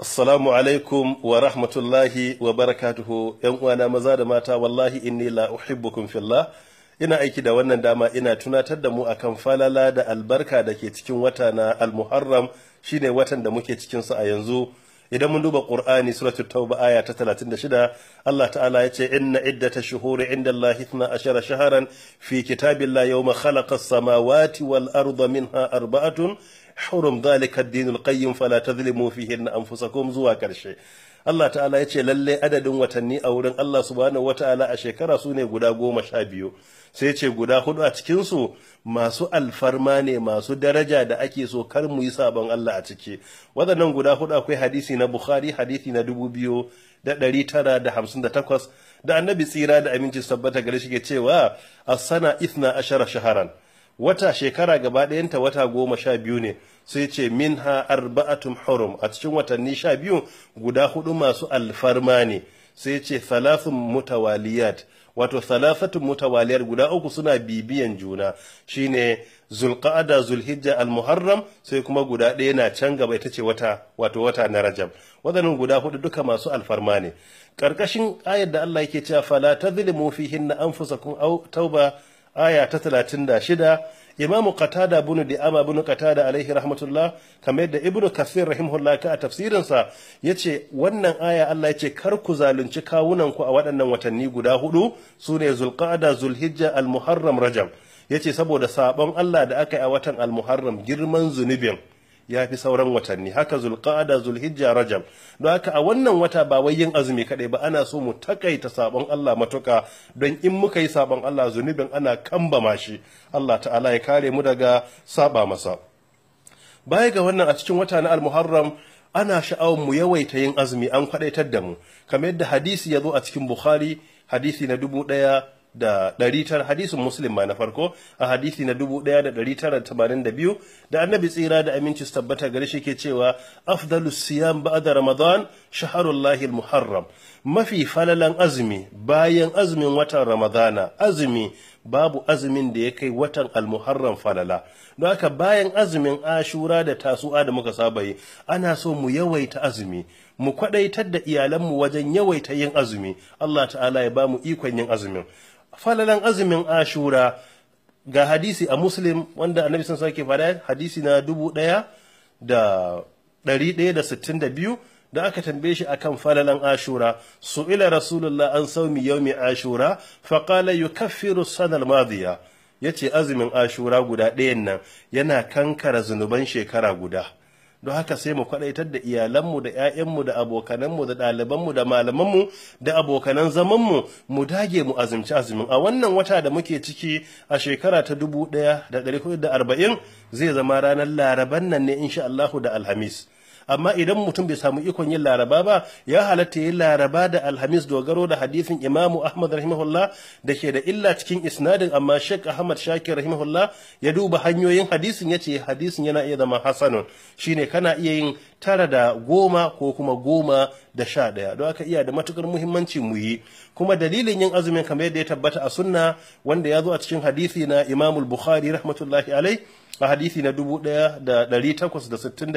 Assalamu alaikum wa rahmatullahi wa barakatuhu ‘yan uwana maza da mata wallahi inni la uhibbukum fillah ina aiki da wannan dama ina tunatar da mu akan falala da albarka da ke cikin wata na al-muharram shine watan da muke cikin a yanzu idan mun duba ƙur'ani suratul tauba aya ta talatin da 36 Allah ta'ala ya ce inna iddata shuhuri inda Allah ithna ashara shaharan fi kitabillahi yawma khalaqa samawati wal arda minha arba'atun hurum dalika ad-dinul qayyim fala tadhlimu fihi anfusakum zuwa karshe Allah ta'ala ya ce lalle adadin watanni a wurin Allah subhanahu wata'ala a shekara su ne guda goma sha biyu sai yace guda hudu a cikin su masu alfarma ne masu daraja da ake so kar mu yi sabon Allah a ciki Wadannan guda hudu akwai hadisi na Bukhari hadisi na dubu da ɗari tara da hamsin da takwas da annabi tsira da aminci sabbata gare shi ke cewa as-sana ithna ashara shaharan wata shekara gaba ɗayanta wata goma sha biyu ne sai ce min ha arba'atun hurum a cikin watanni sha biyu guda hudu masu alfarma ne sai ce salasun mutawaliyat wato salafatun mutawaliyar guda uku suna bibiyan juna shine zulqa'ada zulhijja almuharram sai kuma guda ɗaya na can gaba ita ce wata wato wata na rajab wadannan guda hudu duka masu alfarma ne Ƙarƙashin ayar da Allah yake cewa fala tadhlimu fihinna anfusakum aw tauba aya ta talatin da shida imamu qatada bunu ama bunu qatada alaihi rahmatullah kamar yadda ibnu kasir rahimahullah ka a tafsirinsa yace wannan aya Allah yace kar ku zalunci kawunanku a waɗannan watanni guda hudu sune zulƙada zulhijja almuharram rajab yace saboda sabon Allah da aka yi a watan almuharram girman zunubin ya fi sauran watanni haka zulqa'ada zulhijja rajab don haka a wannan wata ba wai yin azumi kadai ba ana so mu takaita sabon Allah matuka don in muka yi sabon Allah zunubin ana kambama shi Allah ta'ala ya kare mu daga saba masa baya ga wannan a cikin wata na al-muharram ana sha'awar mu yawaita yin azumi an kwadaitar da mu kamar yadda hadisi ya zo a cikin bukhari hadisi na dubu ɗaya da ɗari tara hadisin muslim ma na farko a hadisi na dubu ɗaya da ɗari tara tamanin da biyu da annabi tsira da aminci su tabbata gare shi ke cewa afdalu siyam ba'da ramadan shaharullahi muharram mafi falalan azumi bayan azumin watan ramadana azumi babu azumin da ya kai watan almuharram falala don haka bayan azumin ashura da tasu'a da muka saba yi ana so mu yawaita azumi mu kwadaitar da iyalanmu wajen yawaita yin azumi Allah ta'ala ya bamu ikon yin azumin falalan azumin ashura ga hadisi a muslim wanda annabi sun sake fada hadisi na dubu ɗaya da ɗari ɗaya da sittin da biyu da aka tambaye shi akan falalan ashura su ila rasulullah an saumi yaumi ashura faƙala yukaffiru sanar madiya ya ce azumin ashura guda ɗayan nan yana kankara zunuban shekara guda don haka sai mu kwadaitar da iyalanmu da 'ya'yanmu da abokananmu da ɗalibanmu da malamanmu da abokanan zamanmu mu dage mu azumci azumin a wannan wata da muke ciki a shekara ta dubu da da arba'in zai zama ranar laraban nan ne insha Allahu da alhamis amma idan mutum bai samu ikon yin laraba ba ya halatta yin laraba da alhamis dogaro da hadisin imamu ahmad rahimahullah da ke da illa cikin isnadin amma shek ahmad shakir rahimahullah ya duba hanyoyin hadisin ya ce hadisin yana iya zama hasanun shine kana iya yin tara da goma ko kuma goma da sha ɗaya don aka iya da matukar muhimmanci mu yi kuma dalilin yin azumin kamar yadda ya tabbata a sunna wanda ya zo a cikin hadisi na imamul bukhari rahmatullahi alai a hadisi na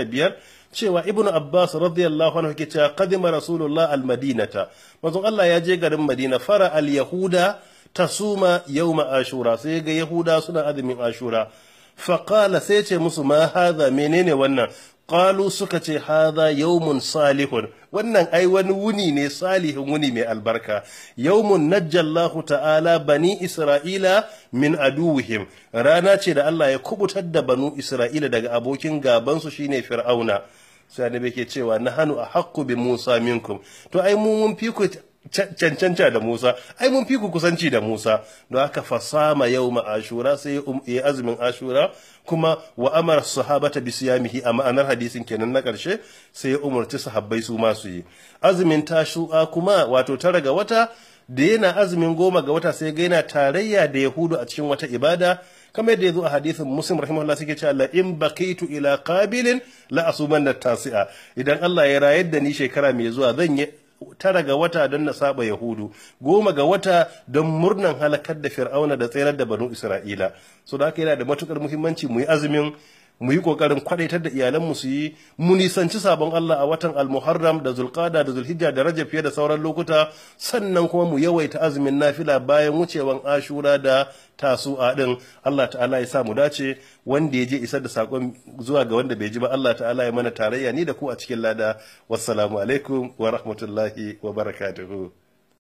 biyar cewa ibn abbas radiyallahu anhu ke cewa qadima rasulullah almadinata manzon Allah ya je garin madina fara al yahuda tasuma yawma ashura sai ga yahuda suna azumin ashura faqala sai ce musu ma haza menene wannan qalu suka ce haza yawmun salihun wannan ai wani wuni ne salihin wuni mai albarka yawmun najjallahu ta'ala bani isra'ila min aduwihim rana ce da Allah ya kubutar da banu isra'ila daga abokin gaban su shine fir'auna sai annabi ke cewa hanu a haqqu bi musa minkum to ai mu mun fi ku cancanta da Musa ai mun fi ku kusanci da Musa don ma fasama ma ashura sai um, ya azumin ashura kuma wa amara sahabata bi siyamihi a ma'anar hadisin kenan na ƙarshe sai ya umarci sahabbai su ma su yi azumin tashu'a kuma wato tara ga wata da yana azumin goma ga wata sai ga tarayya da yahudu a cikin wata ibada kamar yadda ya zo a hadisin muslim rahimahullah suke cewa la in baqitu ila qabilin la asuman tasi'a idan Allah ya rayar da ni shekara mai zuwa zan yi tara ga wata don na saba yahudu goma ga wata don murnan halakar da fir'auna da tsayar da banu isra'ila so da haka yana da matukar muhimmanci mu yi azumin mu yi kokarin kwadaitar da iyalanmu su yi mu nisanci sabon Allah a watan al-Muharram da Zulqada da Zulhijja da Rajab fiye da sauran lokuta sannan kuma mu yawaita azumin nafila bayan wucewan Ashura da Tasu'a din Allah ta'ala ya sa mu dace wanda ya je isar da sakon zuwa ga wanda bai ji ba Allah ta'ala ya mana tarayya ni da ku a cikin lada wassalamu alaikum wa rahmatullahi wa barakatuhu